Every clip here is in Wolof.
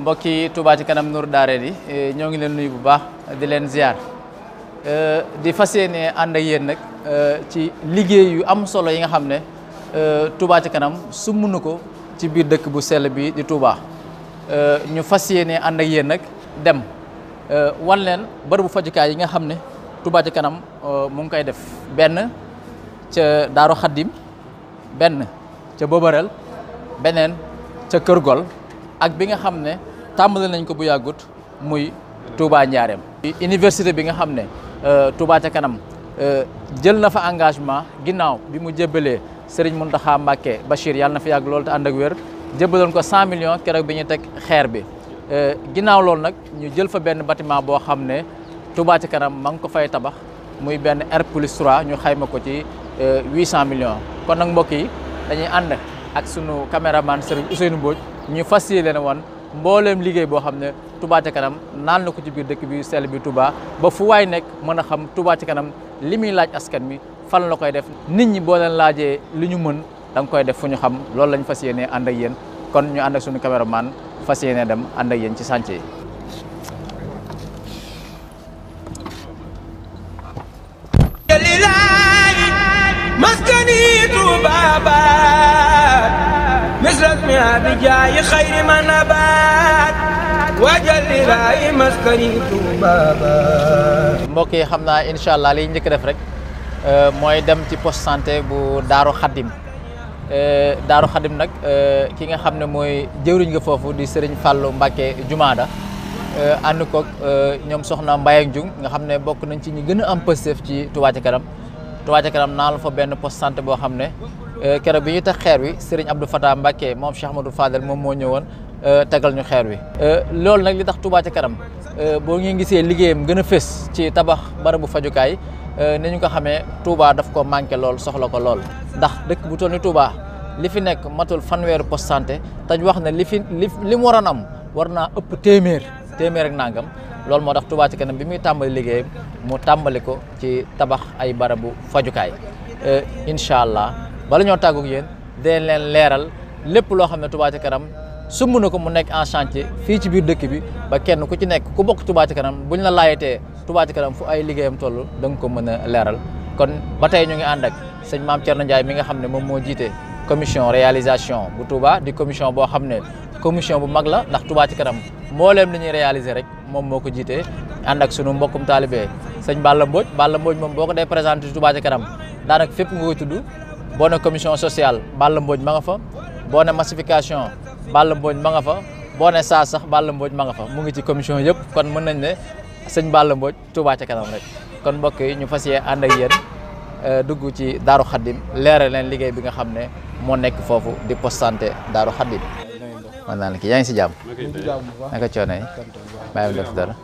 mbokki Touba ci kanam Nour Daare di e, ñoo ngi leen nuyu bu baax di leen ziar e, di fas yéene ànd ak yéen nag e, ci liggéey yu am solo yi nga xam ne Touba ci kanam sumb ko ci biir dëkk bu sell bi di Touba ñu fas yéene ànd nag dem wan leen fajukaay yi nga xam ne Touba ci kanam mu ngi koy def benn ca Daaru Xaddim benn ca Bobareel beneen ca Kër Gol ak bi nga xam ne tàmbali nañ ko bu yàggut muy Touba Njaareem université bi nga xam ne euh, Touba ca kanam euh, jël na fa engagement ginnaaw bi mu jébbalee Serigne Mountakha Mbacké Bachir yàlla na fi yàgg loolu te ànd ak wér jébbaloon ko 100 millions keroog bi ñu teg xeer bi euh, ginnaaw loolu nag ñu jël fa benn batiment boo xam ne Touba ca kanam ma ngi ko fay tabax muy benn R plus ñu xayma ko ci 800 millions kon nag mbokk yi dañuy ànd ak sunu caméraman Serigne Ousseynou Mbodj ñu fas yéene woon mbooleem liggéey boo xam ne Touba ca kanam naan na ko ci biir dëkk bi seel bi tubaa ba fu waay nekk mën a xam Touba ca kanam li muy laaj askan mi fan la koy def nit ñi boo leen laajee li ñu mën da koy def fu ñu xam loolu lañ fas yéene ànd yéen kon ñu ànd ak suñu caméraman fas yéene dem ànd yéen ci chantier yi Bye-bye. لازمها yi xam naa incha allah liy njëkk def rek euh, mooy dem ci poste santé bu Daaru Xaddim euh, Daaru Xaddim nag euh, ki nga xam ne mooy jëwriñ nga foofu di sëriñ Fallou Mbacke Jumaada ànd koog ñoom soxna Mbaye ak Jung nga xam ne bokk nañ ci ñi gën a am positif ci Touba ca kanam Touba ca kanam naa la fa benn poste santé boo xam ne Euh, keroog bi ñu tax xeer wi Serigne Abdou Fatah Mbacké moom Cheikh Ahmadou Fadel moom moo ñëwoon euh, tegal ñu xeer wi. Euh, loolu nag li tax Touba ca kanam boo ngeen gisee liggéeyam gën a fës ci tabax barabu fajukaay ni ko xamee Touba daf ko manqué lool soxla ko lool ndax dëkk bu toll ni li fi nekk matul fanweeru poste santé te wax ne li fi li li mu waroon am war naa ëpp téeméer téeméer nangam. loolu moo tax Touba ci kanam bi muy tàmbali liggéeyam mu tàmbali ko ci tabax ay barabu fajukaay incha allah bala ñoo tàggu yéen dee leen leeral lépp loo xam ne Touba Ca Kanam sumb na ko mu nekk en chantier fii ci biir dëkk bi ba kenn ku ci nekk ku bokk Touba Ca Kanam buñ la laayatee Touba karam Kanam fu ay liggéeyam toll danga ko mën a leeral kon ba tey ñu ngi ànd ak sëñ Maam Thierno Ndiaye mi nga xam ne moom moo jiite commission réalisation bu Touba di commission boo xam ne commission bu mag la ndax Touba Ca Kanam mbooleem li ñuy réaliser rek moom moo ko jiitee ànd ak sunu mbokkum taalibe sëñ Balla Mbodj Balla Mbodj moom boo ko dee présenté Touba Kanam daanaka boo ne commission sociale Balla Mbodj ma nga fa boo ne massification Balla Mbodj ma nga fa boo saa sax Balla mbooj ma nga fa mu ngi ci commission yëpp kon mën nañ ne sëñ Balla mbooj Touba ca kanam rek kon mbokk yi ñu fas yee ànd ak yéen euh, dugg ci Daaru Xaddim leeral leen liggéey bi nga xam ne moo nekk foofu di poste santé Daaru Xaddim man naa la yaa ngi si jàmm naka coono yi bàyyi def dara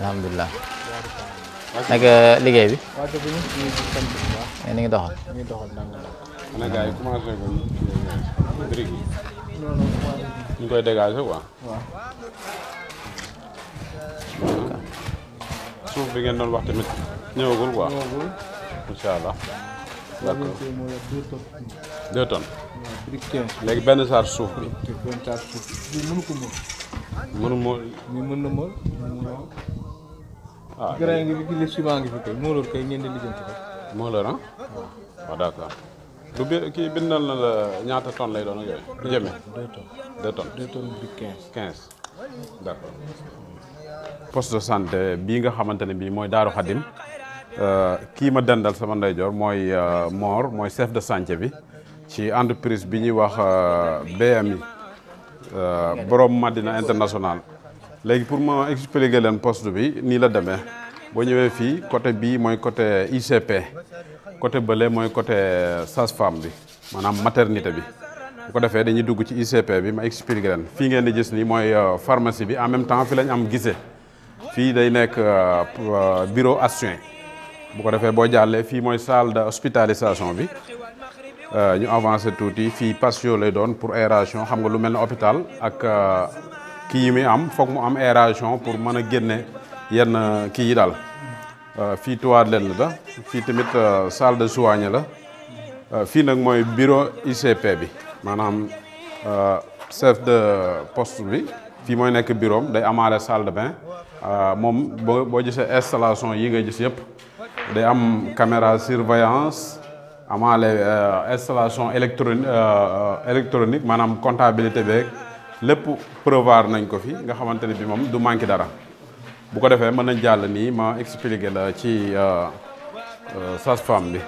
alhamdulilah naka liggéey bi. waaw dëgg ñu ngi doxal. ñu ngi doxal nag gars yi commencé ko brique koy dégager quoi. suuf bi ngeen doon wax tamit ñëwagul quoi. ñëwagul. incha allah. d' accord léegi benn saar suuf bi. benn ko mën. mënu mën. mën na mën. waaw grain ngi fi li suivant ngi fi kay moolóor kay ngeen di lijjanti rek. moolóor ah waaw ah, bi kii bindal na la ñaata tonnes lay doon ak yooyu. du jëmee deux tonnes deux de santé bii nga xamante ne bii mooy Daaru Xadim euh, kii ma dendal sama ndeyjoor mooy euh, Mor mooy chef de chantier bi ci entreprise bi ñuy wax euh, BMI borom Madina international. léegi pour ma expliquer leen post bi nii la demee boo ñëwee fii côté bii mooy côté ICP côté bële mooy côté sage-femme bi maanaam maternité bi bu ko defee dañuy dugg ci ICP bi ma expliquer leen fii ngeen di gis nii mooy euh, pharmacie bi en même temps fi lañ am gisee fii day nekk euh, bureau adjoint bu ko defee boo jàllee fii mooy salle de hospitalisation bi euh, ñu avancé tuuti fii patio lay doon pour ération xam nga lu mel ne hôpital ak. kii yi muy am foog mu am aération pour mën a génne yenn kii yi daal euh, fii tuwaat leen la fii tamit euh, salle de soigne la euh, fii nag mooy bureau ICP bi maanaam chef de poste bi fii mooy nekk bureau day amaale salle de bain moom boo boo gisee installation yi nga gis yëpp day am caméra surveillance amaale installation électronique électronique maanaam comptabilité beeg lépp prévoir nañ ko fi nga xamante ne bi moom du manqué dara bu ko defee mën nañ jàll nii ma expliquer la ci euh, euh, sage-femme bi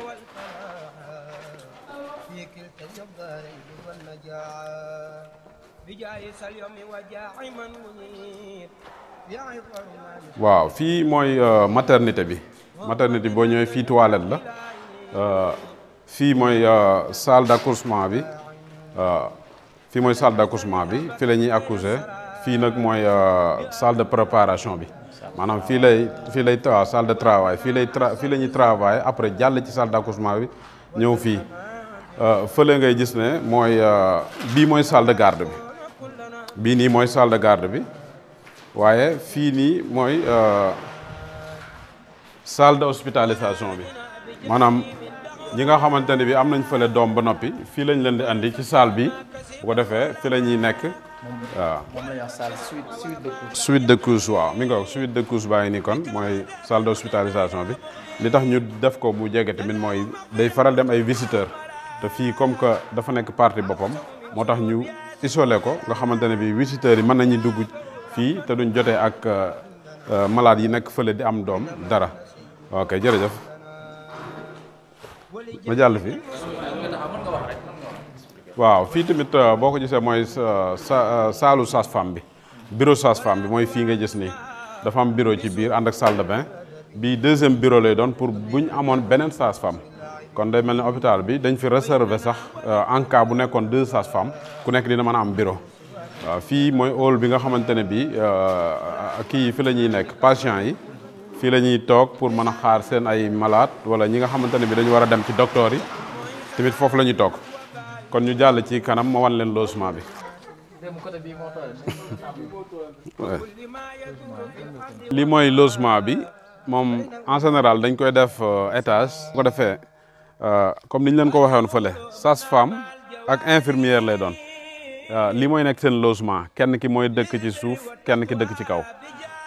waaw fii mooy euh, maternité bi maternité bi boo ñëwee fii toilette la fii mooy salle d'accouchement bi fii mooy salle d' accouchement bi fii la ñuy accoucher fii nag mooy euh, salle de préparation bi maanaam fii lay fii lay salle de travail fii lay fii la ñuy travail après jàll ci salle d' accouchement bi ñëw fii euh, fële ngay gis ne mooy euh, bii mooy salle de garde bi bii nii mooy salle de garde bi waaye fii nii mooy salle de hospitalisation bi maanaam. ñi nga xamante ne bi am nañ fële doom ba noppi fii lañ leen di andi ci salle bi bu ko defee fi la ñuy nekk waaw. moom la suite de couche. suite de couche waaw mi ngi ko suite de couche baa ngi nii kon mooy salle d'hospitalisation bi li tax ñu def ko bu jege tamit mooy day faral dem ay visiteurs te fii comme que dafa nekk partie boppam moo tax ñu isolé ko nga xamante ne bi visiteurs yi mën nañu dugg fii te duñ jotee ak euh, malade yi nekk fële di am doom dara ok jërëjëf. ma jàll fi waaw fii tamit euh, boo ko gisee mooy euh, sa euh, saalu sage-femme bi bureau sage-femme bi mooy fii nga gis nii dafa am bureau ci biir ànd ak salle de bain bi deuxième bureau lay doon pour bu ñu amoon beneen sage-femme kon day mel ni hôpital bi dañ fi réserver sax en bu nekkoon deux sages-femmes ku nekk dina mën a am bureau waaw fii mooy hall bi nga xamante ne bii kii fi la ñuy nekk patient yi fii la ñuy toog pour mën a xaar seen ay malade wala ñi nga xamante ne bi dañu war a dem ci docteur yi tamit foofu la ñuy toog kon ñu jàll ci kanam ma wan leen logement bi. lii mooy logement bi moom en général dañ koy def euh, étage. bu ko defee euh, comme ni ñu leen ko waxee woon fële sage-femme ak infirmière lay doon euh, lii mooy nekk seen logement kenn ki mooy dëkk ci suuf kenn ki dëkk ci kaw.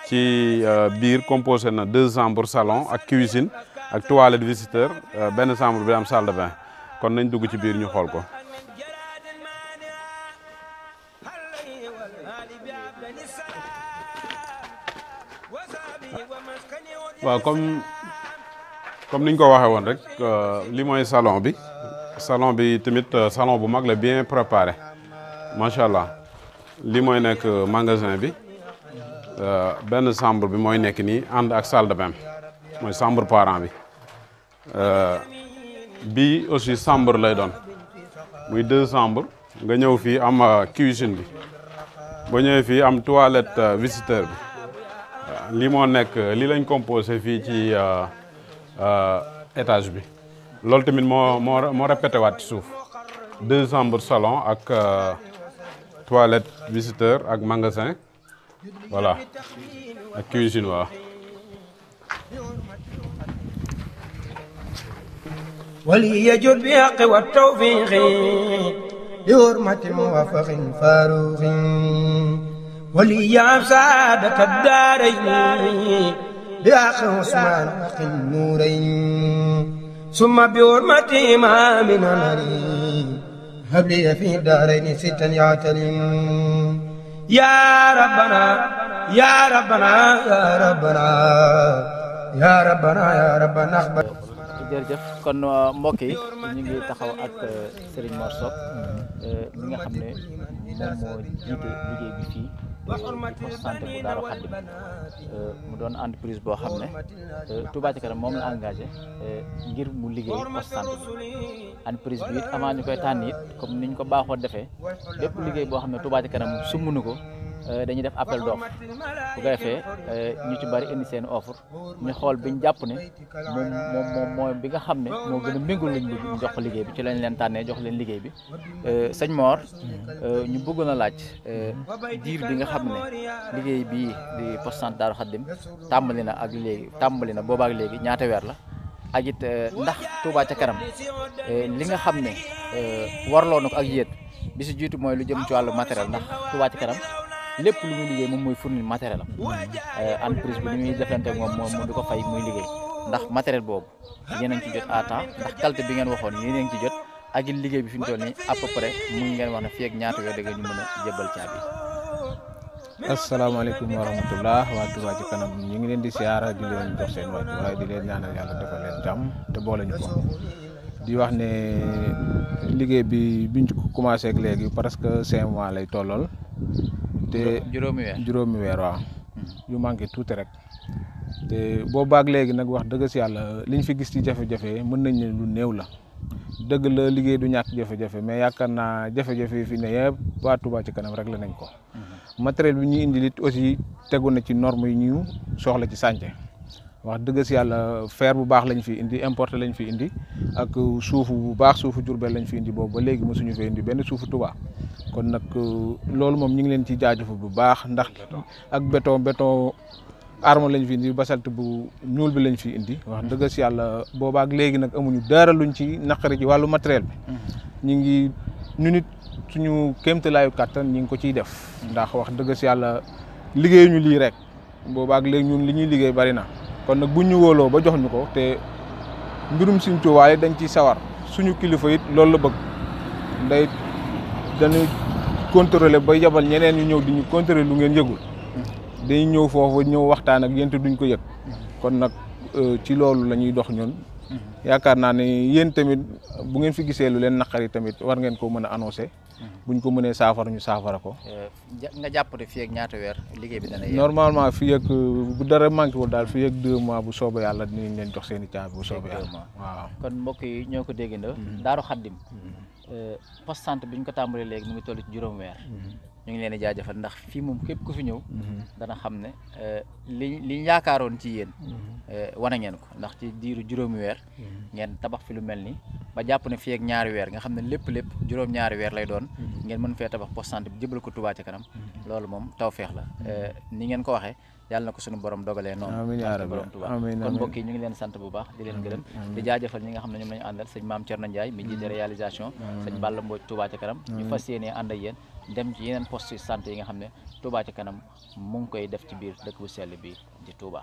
ci euh, biir composé na deux chambres salon ak cuisine ak toilette visiteur euh, benn cembre bi am salle de bain kon nañ dugg ci biir ñu xool ko. waaw comme comme niñ ko waxee woon rek euh, li mooy salon bi salon bi tamit salon bu mag la bien préparé macha allah li mooy nekk magasin bi. Euh, benn chambre bi mooy nekk nii ànd ak salle de bain mooy chambre parent bi euh, aussi chambre lay doon muy deux chambres nga ñëw fii am euh, cuisine bi ba ñëwee fii am toilette visiteur bi lii moo nekk lii lañ composé fii ci étage bi loolu tamit moo moo moo waat ci suuf deux chambres salon ak toilette visiteur ak magasin voilà ak cuisine waaw. وليجر بحق والتوفيق لحرمة موافق فاروق وليجعل سعادة الدارين بحق عثمان حق النورين ثم بحرمة إمامنا هب لي في الدارين ستا يعتلين yaa rabbana yaa rabbana yaa rabbana yaa rabbana yaa rabbana jërëjëf kon uh, mbokk yi ñu ngi taxaw ak uh, Serigne Mor Sock uh, mi nga xam ne moom moo jiite liggéey bi fii sant bu Daaru Xaddim euh, mu doon entreprise boo xam ne euh, Touba Ca Kanam moom la engagé euh, ngir mu liggéey poste santé entreprise bi it avant koy tànn it comme ni ñu ko baaxoo defee lépp liggéey boo xam ne Touba Ca Kanam sumb na ko Euh, dañuy def appel d'offre bu ko defee euh, ñu ci bari indi seen offre ñu xool biñ jàpp ne moom moom moom mooy bi nga xam ne moo gën a méngul lañ bëgg ñu jox ko liggéey bi ci lañ leen tànnee jox leen liggéey bi euh, sëñ Mor ñu bëggoon a laaj diir bi nga xam ne liggéey bii di poste santé Daaru Xaddim tàmbali na ak léegi tàmbali na boobaak léegi ñaata weer la ak it ndax Touba ca kanam li nga xam ne warloo na ko ak yéen bi si jiitu mooy lu jëm ci wàllu matériel ndax Touba ca kanam lépp lu muy liggéey moom mooy fournir matériel am euh, entreprise bi ni muy defante moom moom di ko fay muy liggéey ndax matériel boobu yéen a ngi jot à temps ndax qualité bi ngeen waxoon yéen a ngi ci jot ak liggéey bi fi ñu toll nii à peu près mu ngeen wax ne fii ak ñaata weer da ngeen ñu mën a jébbal caabi. asalaamaaleykum wa rahmatullah waa Touba kanam ñu ngi leen di siyaara di leen jox seen wàcc waaye di leen ñaanal yàlla defal leen jàmm te boole ñu ko di wax ne liggéey bi biñ ci commencé ak léegi presque cinq mois lay tollool te juróomi weer juróomi weer waaw. Hmm. yu manqué tuuti rek. te baag léegi nag wax dëgg si yàlla liñ fi gis ci jafe-jafe mën nañ ne lu néew la. dëgg la liggéey du ñàkk jafe-jafe mais yaakaar naa jafe-jafe fi ne yëpp waa Touba ci kanam rek la nañ ko. Hmm. matériel bi ñuy indi lit aussi tegu na ci norme yu ñu soxla ci sànce. wax dëgg si yàlla feer bu baax lañ fi indi importé lañ fi indi ak suufu bu baax suufu Jurbel lañ fi indi boobu ba léegi mosuñu fee indi benn suufu Tuubaa kon nag euh, loolu moom ñu ngi leen ci jaajëfu bu baax ndax ak béton béton arme lañ fi indi basalte bu ñuul bi lañ fi indi wax dëgg si yàlla boobaak léegi nag amuñu dara luñ ci naqari ci wàllu matériel bi mm-hmm. ñu ngi ñu it suñu kéemtalaayu kàttan ñu ngi ko ciy def ndax wax dëgg si yàlla liggéeyuñu lii rek boobaak léegi ñun li ñuy liggéey bari na kon nag bu ñu wóoloo ba jox ñu ko te mbirum Sëriñ Tuubaa yi dañ ciy sawar suñu kilifa it loolu la bëgg nday dañuy contrôler ba yabal ñeneen ñu ñëw di ñu lu ngeen yëgul dañuy ñëw foofu ñëw waxtaan ak yéen duñ ko yëg kon nag euh, ci loolu lañuy dox ñun Mm-hmm. yaakaar naa ne yéen tamit bu ngeen fi gisee lu leen naqari tamit war ngeen ko mën a annoncé. Mm-hmm. buñ ko mënee saafara ñu saafara ko. Eh, nga jàpp ne fii ñaata weer liggéey bi dana normalement fii bu dara manqué wul daal fii ak mois bu soobee yàlla dinañ leen jox seeni i caabi bu soobee yàlla waaw. kon mbokk yi ñoo ko déggandoo. Mm-hmm. Daaru Xaddim. Eh, poste santé bi ñu ko tàmbalee léegi mu ngi toll ci juróom weer. ñu ngi leen di jaajëfal ndax fii moom képp ku fi ñëw mhm. dana xam ne euh, li liñ yaakaaroon ci yéen mhm. euh, wane ngeen ko ndax ci diiru juróomi weer mhm. ngeen tabax fi lu mel ni ba jàpp ne fii ñaari weer nga xam ne lépp lépp juróom ñaari weer lay doon ngeen mën fee tabax poste santé bi ko Touba ca loolu moom tawféex la euh, ni ngeen ko waxee yàlla na ko suñu borom dogalee noonu borom Touba kon mbokk leen sant bu baax di leen gërëm di jaajëfal ñi nga xam ne ñoom la ñu àndal sëñ Maam Cerno Ndiaye mi jiite réalisation sëñ Balla Mbodj Touba ca kanam ñu fas yéenee ànd ak dem ci yeneen poste sant yi nga xam ne Touba ci kanam mu ngi koy def ci biir dëkk bu sell bi di Touba.